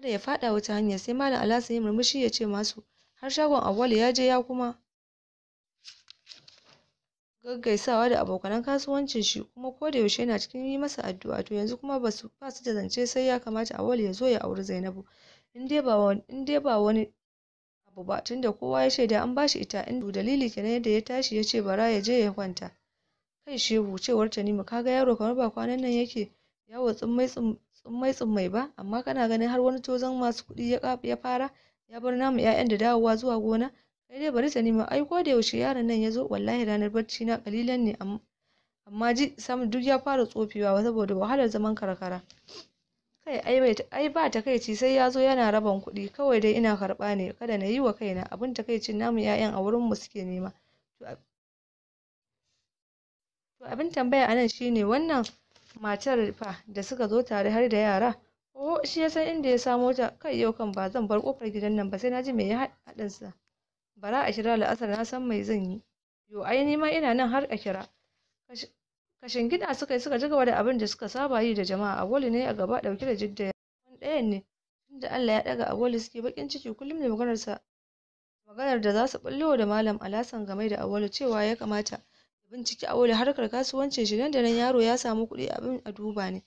kada ya fada wata hanya sai malam alhassan ya murmushi ya ce masu har shagon awwal ya je ya kuma gaggaisawa da abokanan kasuwancin shi kuma ko da yaushe yana cikin yi masa addu'a to yanzu kuma ba su ba su da zance sai ya kamata awwal ya zo ya auri zainabu in dai ba wani in dai ba wani abu ba tunda kowa ya shaida an ba shi ita in dalili kenan yadda ya tashi ya ce bara ya je ya kwanta kai shehu cewar ta tanimu kaga yaro kamar ba kwanan nan yake yawo tsummai tsummai tsummai ba amma kana ganin har wani tozon masu kuɗi ya fara ya bar namu 'ya'yan da dawowa zuwa gona kai dai bari ta nima ai ko da yaushe yaron nan ya zo wallahi ranar barci na kalilan ne amma ji sam duk ya fara tsofewa saboda wahalar zaman karkara kai ai ba takaici sai ya zo yana raban kuɗi kawai dai ina karɓa ne kada na yi wa kaina abin takaicin namu 'ya'yan a wurin mu suke nema to abin tambaya anan shine wannan matar fa da suka zo tare har da yara oh shi ya san inda ya samo ta kai yau kan ba zan bar kofar gidan nan ba sai na ji me ya haɗin sa bara a kira la'asar na san mai zan yi yo ai ni ma ina nan har a kira kashin gida suka yi suka ji gaba da abin da suka saba yi da jama'a awoli ne a gaba dauke da jidda wani ɗayan ne tunda Allah ya daga awoli suke bakin ciki kullum da maganar sa maganar da za su bullo da malam alasan game da awalu cewa ya kamata binciki wuri harkar kasuwancin shi nan da nan yaro ya samu kuɗi abin a duba ne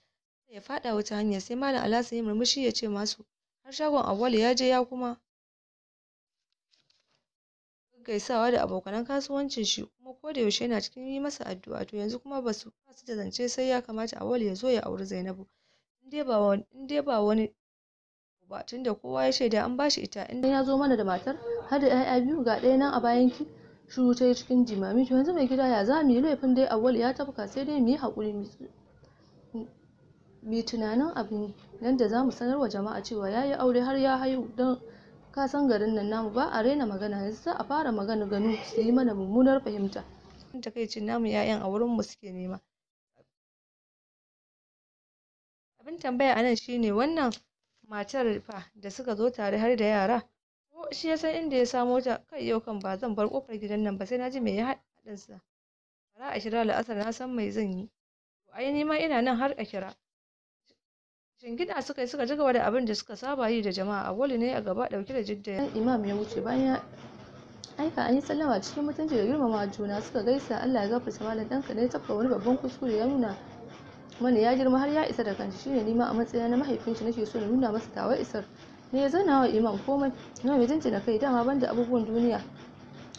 ya faɗa wata hanya sai malam alasan ya murmushi ya ce masu har shagon awali ya je ya kuma gaggaisawa da abokanan kasuwancin shi kuma ko da yaushe yana cikin yi masa addu'a to yanzu kuma ba su da zance sai ya kamata awali ya zo ya auri Zainabu in dai ba wani ba tunda kowa ya shaida an bashi ita in ya zo mana da matar har da 'ya'ya biyu ga ɗaya nan a bayan ki shiru ta yi cikin jimami to yanzu mai gida ya za mu yi laifin dai awwal ya tafka sai dai mu yi haƙuri mu tunanin abin yadda za mu sanar wa jama'a cewa ya yi aure har ya haihu don ka san garin nan namu ba a raina magana yanzu za a fara magana ganu su yi mana mummunar fahimta takaicin namu 'ya'yan a wurin mu suke nema abin tambaya anan shine wannan matar fa da suka zo tare har da yara shi ya san inda ya samo ta kai yau kan ba zan bar kofar gidan nan ba sai na ji mai ya haɗin sa bara a kira la'asar na san mai zan yi to ai ni ma ina nan har a kira shingida suka yi suka jigaba da abin da suka saba yi da jama'a wali ne a gaba dauke da jidda imam ya wuce bayan aika an yi sallama cikin mutunci da girmama juna suka gaisa Allah ya gafarta malam danka ne tafka wani babban kuskure ya nuna mana ya girma har ya isa da kanshi shine nema a matsayina na mahaifinshi nake so na nuna masa tawa isar ne ya zana wa imam komai yana mai jinjina kai dama banda abubuwan duniya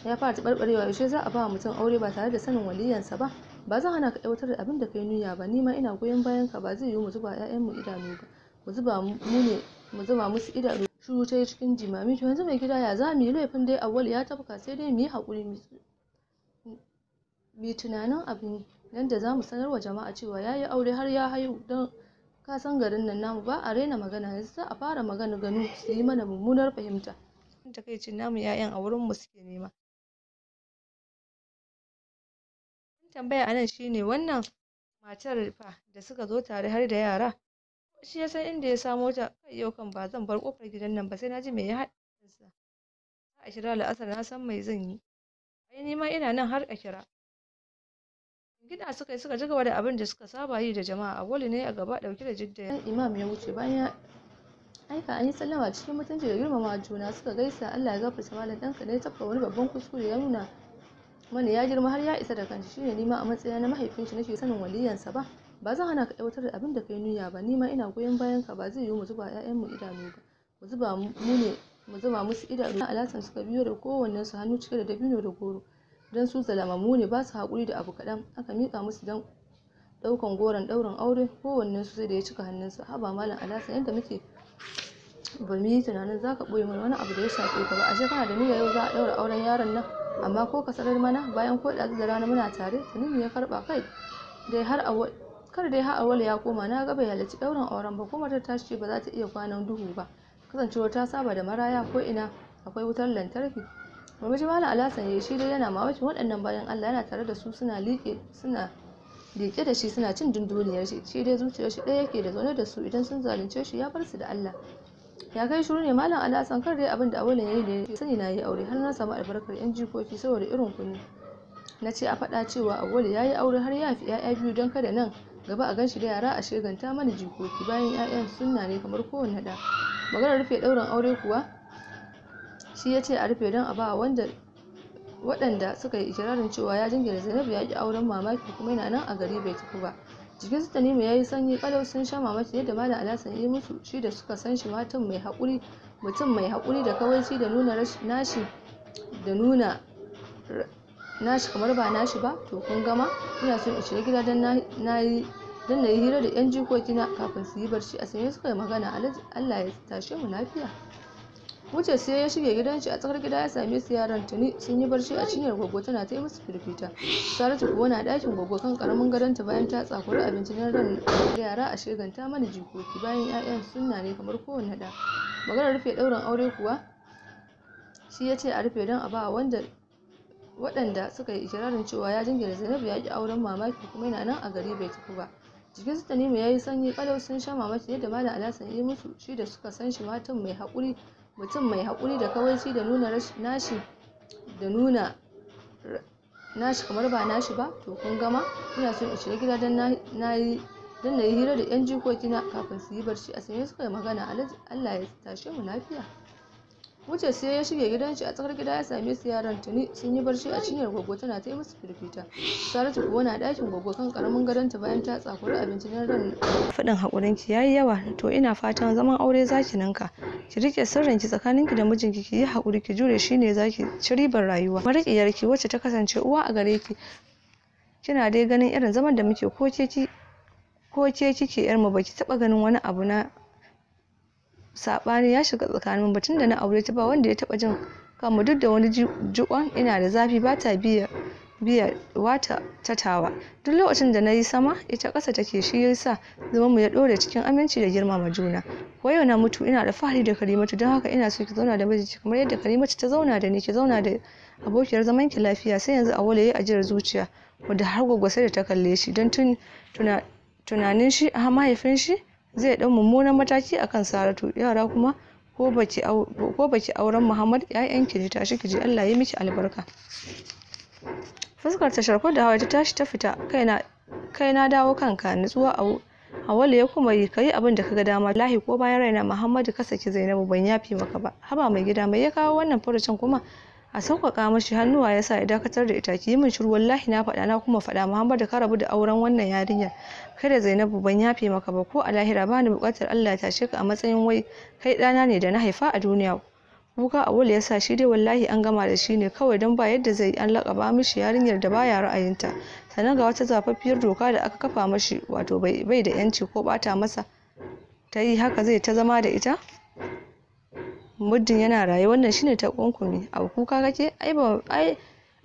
ya fara tabarbarewa yaushe za a ba mutum aure ba tare da sanin waliyansa ba ba zan hana ka aiwatar da abin da kai niyya ba ni ma ina goyon bayan ka ba zai yiwu mu zuba mu idanu ba mu zuba mu ne mu zuba musu idanu shuru ta yi cikin jimami to yanzu mai gida ya za mu yi laifin dai awwal ya tafka sai dai mu yi haƙuri mu tunanin abin yadda za mu sanar wa jama'a cewa ya yi aure har ya haihu don ka san garin nan namu ba a raina magana yanzu sai a fara magana ganu su yi mana mummunar fahimta takaicin namu 'ya'yan a wurin mu suke nema tambaya a nan shine wannan matar fa da suka zo tare har da yara shi ya san inda ya samo ta kai yau kan ba zan bar kofar gidan nan ba sai na ji me ya haɗa a kira la'asar na san mai zan yi ai nima ma ina nan har a kira gida suka yi suka cigaba da abin da suka saba yi da jama'a awali ne a gaba dauke da jidda imam ya wuce bayan aika an yi sallama cikin mutunci da girmama juna suka gaisa Allah ya gafarta malam danka da ya tafka wani babban kuskure ya nuna mana ya girma har ya isa da kanshi shine nema a matsayin na mahaifin shi nake sanin waliyansa ba ba zan hana ka aiwatar da abin da kai niyya ba ma ina goyon bayan ka ba zai yiwu mu zuba ƴaƴan mu idanu ba mu zuba mu ne mu zuba musu idanu alasan suka biyo da kowannen su hannu cike da dabino da goro don su zalamammu ne ba su haƙuri da abu kaɗan aka miƙa musu don ɗaukan goron ɗaurin aure kowanne su sai da ya cika hannunsa haba malam alasa yadda muke ba yi tunanin za ka ɓoye mana wani abu da ya shafe ka ba a kana da niyya yau za a ɗaura auren yaron nan amma ko ka sarar mana bayan ko ɗazu da rana muna tare tuni ya karɓa kai dai har a kar dai har awal ya koma na ga bai halarci ɗaurin auren ba ko matar ta ce ba za ta iya kwanan duhu ba kasancewar ta saba da maraya ko ina akwai wutar lantarki murmushi malam alhassan yayi shi dai yana mamakin waɗannan bayan allah yana tare da su suna liƙe suna liƙe da shi suna cin dunduniyar shi shi dai zuciyar shi ɗaya yake da zaune da su idan sun zalunce shi ya bar su da allah ya kai shiru ne malam alasan kar dai abin da ne ya yi ne sani na yi aure har na samu albarkar yan jikoki saboda irin kunni na ce a faɗa cewa abulan ya yi aure har ya fi 'ya'ya biyu don kada nan gaba a shi da yara a sheganta mana jikoki bayan 'ya'yan sunna ne kamar kowanne da maganar rufe ɗaurin aure kuwa shi ya ce a rufe don a ba wanda waɗanda suka yi ikirarin cewa ya jingina zainabu ya ki auren mamaki kuma yana nan a gari bai tafi ba jikin su tanimu ya yi sanyi ƙalau sun sha mamaki yadda malam alhassan ya yi musu shi da suka san shi matan mai haƙuri mutum mai haƙuri da kawaici da nuna nashi da nuna nashi kamar ba nashi ba to kun gama ina son in shiga gida don na yi don na yi hira da yan jikokina kafin su yi barci a sanye suka yi magana allah ya tashe mu lafiya wuce sai ya shige gidan shi a tsakar gida ya same su yaran tuni sun yi barci a cinyar gogo tana ta yi musu firfita saratu kuwa na dakin gogo kan karamin gadonta bayan ta tsakuri abinci na ran yara a ta mana jikoki bayan 'ya'yan sunna ne kamar kowanne da. maganar rufe ɗaurin aure kuwa shi ya ce a rufe don a ba wanda waɗanda suka yi ikirarin cewa ya jingina zainab ya ki auren mamaki kuma yana nan a gari bai tafi ba jikin su tanimu ya yi sanyi ƙalau sun sha mamaki yadda malam ya yi musu shi da suka san shi matan mai haƙuri mutum mai haƙuri da kawaici da nuna nashi da nuna nashi kamar ba nashi ba to kun gama ina son in shiga gida don na hira da yan jikokina kafin su yi barci a sanye suka yi magana allah ya tashe mu lafiya wuce sai ya shige gidan shi a tsakar gida ya same su yaran tuni sun yi barci a cinyar gwaggo tana ta yi musu firfita saratu kuwa na dakin gwaggo kan karamin gadonta bayan ta tsakuri abinci na ran faɗin haƙurinki yayi yawa to ina fatan zaman aure zaki ninka ki rike sirrin ki tsakaninki da mijinki ki yi haƙuri ki jure shi ne zaki ci ribar rayuwa mariƙiyarki wacce ta kasance uwa a gare ki kina dai ganin irin zaman da muke ko ke ki ko ke kike yar mu baki taba ganin wani abu na sabani ya shiga tsakanin batun da na aure ta ba wanda ya taba jin kanmu duk da wani jikon ina da zafi ba ta biya biya wata tatawa duk lokacin da na yi sama ita ƙasa take shi yasa zaman mu ya ɗore cikin aminci da girmama juna ko yau na mutu ina da fahari da karimatu don haka ina so ki zauna da mijinki kamar yadda karimatu ta zauna da ni ki zauna da abokiyar zaman ki lafiya sai yanzu a wale a ajiyar zuciya wadda har sai da ta kalle shi don tunanin shi a mahaifin shi zai ɗan mummunan mataki akan saratu yara kuma ko baki auren muhammad 'ya'yanki ne tashi ki je allah ya miki albarka fuskar ta sharku da hawa ta tashi ta fita kai na dawo kanka nutsuwa a Hawala ya kuma yi kayi abin da kaga dama lahi ko bayan raina Muhammadu ka saki Zainabu ban yafi maka ba haba mai gida mai ya kawo wannan furucin kuma a sauƙaƙa mashi hannuwa ya sa ya dakatar da ita ki yi min shiru wallahi na faɗa na kuma faɗa Muhammadu ka rabu da auren wannan yarinyar kai da Zainabu ban yafi maka ba ko a lahira ba ni buƙatar Allah ya tashe ka a matsayin wai kai ɗana ne da na haifa a duniya kuka awul ya sa shi dai wallahi an gama da shi ne kawai don ba yadda zai an lakaba mishi yarinyar da baya ra'ayinta sannan ga wata zafaffiyar doka da aka kafa mashi wato bai da yanci ko bata masa ta yi haka zai ta zama da ita muddin yana raye wannan shine ta kunkumi abu kuka kake ai ba ai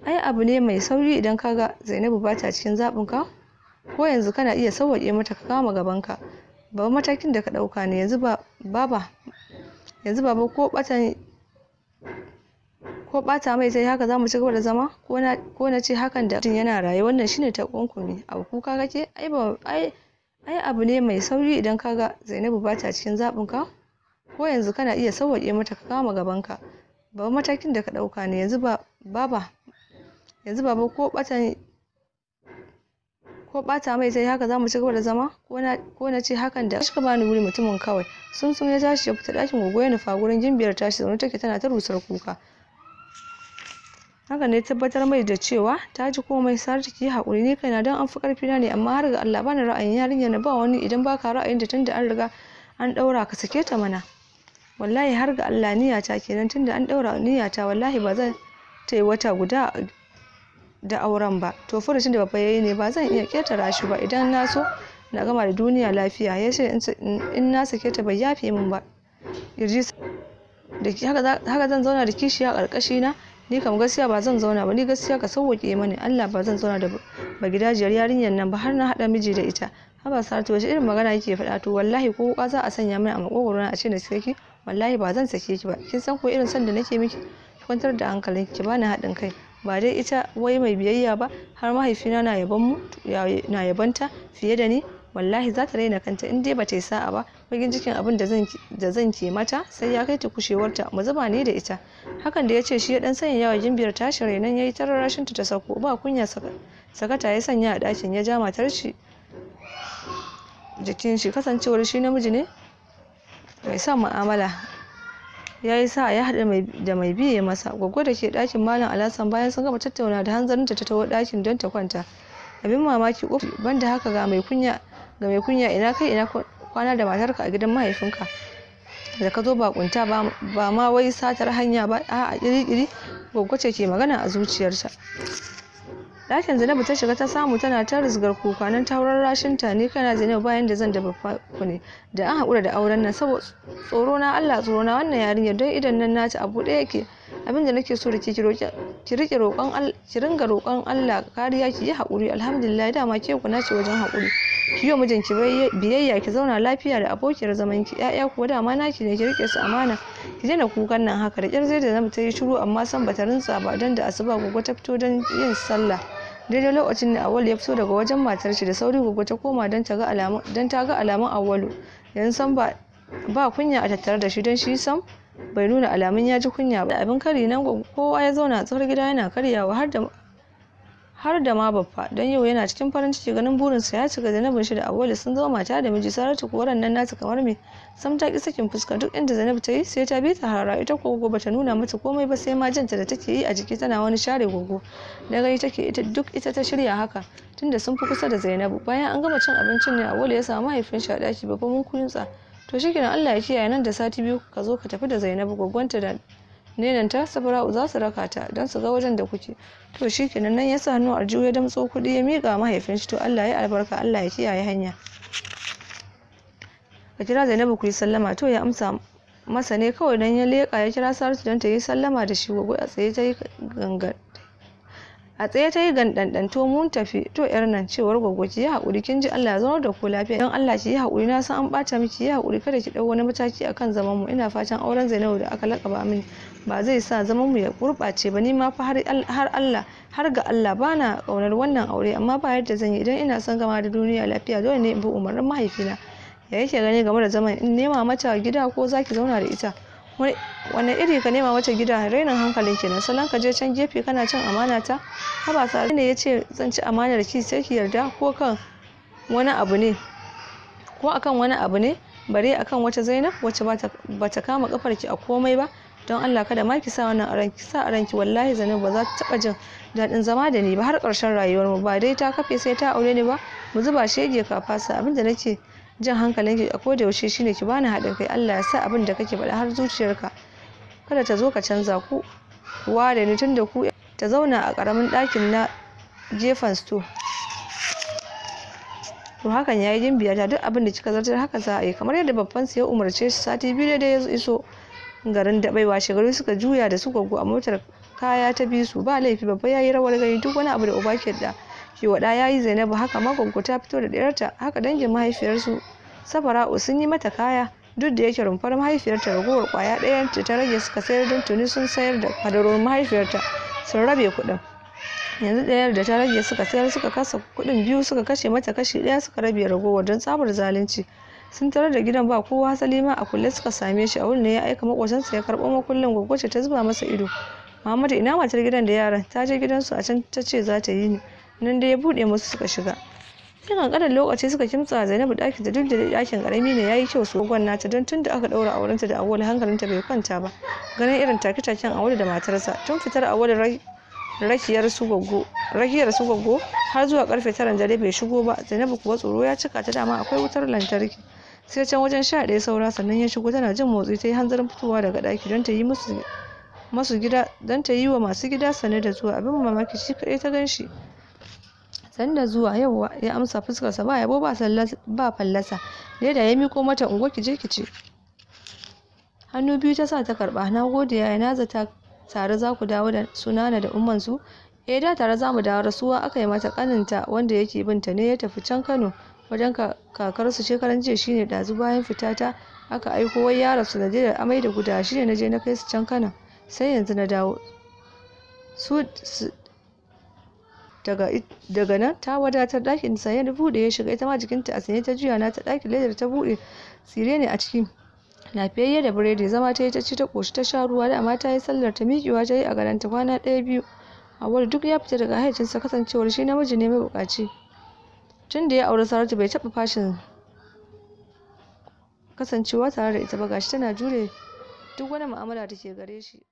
ai abu ne mai sauri idan ka ga Zainabu bata cikin zabin ka ko yanzu kana iya sauwaƙe mata ka kama gabanka ba matakin da ka ɗauka ne yanzu ba baba yanzu baba ko batan ko ɓata mai yi haka za mu cigaba da zama ko na ce hakan da mutum yana raye wannan shine ne abu kuka kake ai ba ai ai abu ne mai sauri idan kaga Zainabu bata cikin zabin ka ko yanzu kana iya sauwaƙe mata ka kama gaban ka ba matakin da ka ɗauka ne yanzu ba baba yanzu baba ko batan ko bata mai zai haka zamu cigaba da zama ko na ce hakan da shi ka bani wuri mutumin kawai sun sun ya tashi ya fita dakin gogo ya nufa gurin jimbiyar tashi zaune take tana ta rusar kuka haka ne tabbatar mai da cewa ta ji komai sar ciki hakuri ni kaina dan an fi karfi na ne amma har ga Allah bani ra'ayin yarinya na ba wani idan baka ra'ayin da tunda an riga an daura ka sake ta mana wallahi har ga Allah niyyata kenan tunda an daura niyyata wallahi ba zan ta wata guda da auren ba to furucin da babba ya yi ne ba zan iya ƙetara shi ba idan na so na gama da duniya lafiya ya ce in na sake ta bai yafe min ba haka zan zauna da kishiya a ƙarƙashi na ni kam gaskiya ba zan zauna ba ni gaskiya ka sauwaƙe mani Allah ba zan zauna da ba gidajiyar yarinyar nan ba har na hada miji da ita haba saratu wace irin magana yake faɗa to wallahi ko wuƙa za a sanya mini a makogoro na a ce na sake wallahi ba zan sake ki ba kin san ko irin son da nake miki kwantar da hankalin ki bani haɗin kai ba dai ita wai mai biyayya ba har mahaifina na yaban mu na yabanta fiye da ni wallahi za ta raina kanta in dai ba ta yi sa'a ba bakin cikin abin da zan ke mata sai ya kai ta kushewarta mu zuba ni da ita hakan da ya ce shi ya dan sanya yawa gimbiyar tashi rainon yayi ta rashin ta sauko ba kunya sakata ya sanya a dakin ya ja matar shi jikin shi kasancewar shi namiji ne mai son mu'amala ya yi sa ya haɗa da mai ya masa gwaggo da ke ɗakin malam alasan bayan sun gama tattauna da hanzarin ta taho ɗakin don ta kwanta abin mamaki uf banda haka ga mai kunya ga mai kunya ina kai ina kwana da matarka a gidan mahaifinka da ka zo bakunta ba ma wai satar hanya ba a'a kiri-kiri gwaggo ce ke magana a zuciyarta lakin zainabu ta shiga ta samu tana ta risgar kuka nan ta wurin rashin ta ni kana zainabu bayan da zan da babba ku ne da an haƙura da auren nan saboda tsoro na Allah tsoro na wannan yarinyar don idan nan naci a buɗe yake abin da nake so da ki ki rike roƙon ki ringa roƙon Allah kariya ki yi haƙuri alhamdulillah dama ke ku nace wajen haƙuri ki yi mijinki biyayya ki zauna lafiya da abokiyar zaman ki ƴaƴa kuwa dama naki ne ki rike su amana ki daina kukan nan haka da ƙyar zai da ta yi shiru amma san bata rinsa ba don da asuba gogo ta fito don yin sallah daidai lokacin ne awal ya fito daga wajen matar shi da sauri gogo ta koma don ta ga alamun don ta ga alamun awalu yanzu san ba ba kunya a tattare da shi don shi san bai nuna alamun ya ji kunya ba abin kari nan kowa ya zauna tsakar gida yana karyawa har da har da ma baffa don yau yana cikin farin ciki ganin burinsa ya cika zainabin shi da awali sun zama mata da miji saratu kuwa nan nata kamar mai sam ta ki sakin fuska duk inda zainab ta yi sai ta bi ta harara ita ko gogo bata nuna mata komai ba sai ma jinta da take yi a jiki tana wani share gogo daga yi take ita duk ita ta shirya haka tunda sun fi kusa da zainabu bayan an gama cin abincin ne awali ya samu mahaifin shi a daki babban mun kunsa to shikenan Allah ya kiyaye nan da sati biyu ka zo ka tafi da Zainabu gogonta da nenanta sabra'u za su raka ta don su ga wajen da kuke to shi kenan nan ya sa hannu juya da damtso kuɗi ya miƙa mahaifin shi to Allah ya albarka Allah ya kiyaye hanya a kira Zainabu ku yi sallama to ya amsa masa ne kawai dan ya leƙa ya kira Saratu don ta yi sallama da shi a tsaye ta yi gangan a tsaye ta yi gandandan to mun tafi to yar nan cewar gwaggo ki yi haƙuri kin ji Allah ya zama da ku lafiya don Allah ki yi haƙuri na san an ɓata miki yi haƙuri kada ki ɗau wani mataki akan zaman mu ina fatan auren Zainabu da aka laƙaba mini ba zai sa zaman mu ya gurɓace ba ni ma fa har Allah har ga Allah bana ƙaunar wannan aure amma ba yadda zan yi idan ina son gama da duniya lafiya dole ne in bi umarnin mahaifina ya yake gani game da zaman in nema mata gida ko zaki zauna da ita wani iri ka nema mata gida rainin hankalin kenan salon ka je can gefe kana cin amana ta ba sa ne ya ce zan ci amanar ki sai ki yarda ko kan wani abu ne ko akan wani abu ne bare akan wata zainab wacce bata kama kafarki a komai ba don Allah kada ma ki sa wannan a ki sa a ki wallahi Zainabu ba za ta taba jin daɗin zama da ni ba har karshen rayuwar mu ba dai ta kafe sai ta aure ni ba mu zuba shege ka fasa abin da nake jan hankalin ki a koda yaushe shine ki bani haɗin kai Allah ya sa abin da kake faɗa har zuciyarka kada ta zo ka canza ku wa da ni tunda ku ta zauna a ƙaramin ɗakin na gefen sto to hakan ya yi jin ta duk abin da kika zartar haka za a yi kamar yadda babban ya umarce shi sati biyu da ya iso garin dabai washe gari suka juya da su gwaggo a motar kaya ta bi su ba laifi babba ya yi rawar gani duk wani abu da uba ke da shi wada ya yi zainabu haka ma ta fito da ɗayarta haka dangin mahaifiyarsu safara'u sun yi mata kaya duk da yake rumfar mahaifiyarta ragowar kwaya ɗayan ta rage suka sayar don tuni sun sayar da kadarorin mahaifiyarta sun rabe kuɗin yanzu ɗayar da ta rage suka sayar suka kasa kuɗin biyu suka kashe mata kashi ɗaya suka rabe ragowar don tsabar zalunci sun tarar da gidan ba kowa salima ma a kulle suka same shi a wurin ya aika makocinsa ya karɓo makullin gogoce ta zuba masa ido Muhammadu ina matar gidan da yaran ta je gidansu a can ta ce za ta yi ne nan da ya buɗe musu suka shiga sai kankanin lokaci suka kimtsa Zainabu ɗakin da duk da ɗakin ƙarami ne ya yi kyau sogon nata don tun da aka ɗaura aurenta da Awwal hankalinta bai kwanta ba ganin irin take-taken Awwal da matarsa tun fitar Awwal rakiyar su goggo rakiyar su goggo har zuwa karfe 9 dare bai shigo ba Zainabu kuwa tsoro ya cika ta dama akwai wutar lantarki sai can wajen sha ɗaya saura sannan ya shigo tana jin motsi ta yi hanzarin fitowa daga ɗaki don ta yi musu masu gida don ta wa masu gida sane da zuwa abin mamaki shi kaɗai ta gan shi zuwa yauwa ya amsa fuskarsa ba yabo ba fallasa leda ya miko mata ungo ki je ki hannu biyu ta sa ta karɓa na gode yaya na zata tare za ku dawo da sunana da umman su eh da tare za mu dawo rasuwa aka yi mata kaninta wanda yake binta ne ya tafi can kano wajen kakarsu shekaran jiya shine ɗazu bayan fita ta aka aiko wai yaron su da amai da guda shine na je na kai su can kana sai yanzu na dawo su daga nan ta wadatar ɗakin sa ya buɗe ya shiga ita ma jikinta a sanye ta juya na ta ɗakin ledar ta buɗe tsire ne a ciki na lafiyayye da biredi zama ta yi ta ci ta ƙoshi ta sha ruwa da ta yi sallar ta miƙewa ta yi a ta kwana ɗaya biyu a wani duk ya fita daga haicinsa kasancewar shi namiji ne mai buƙaci tun da ya auri saratu bai taɓa fashin kasancewa tare da ita ba gashi tana jure duk wani mu'amala da ke gare shi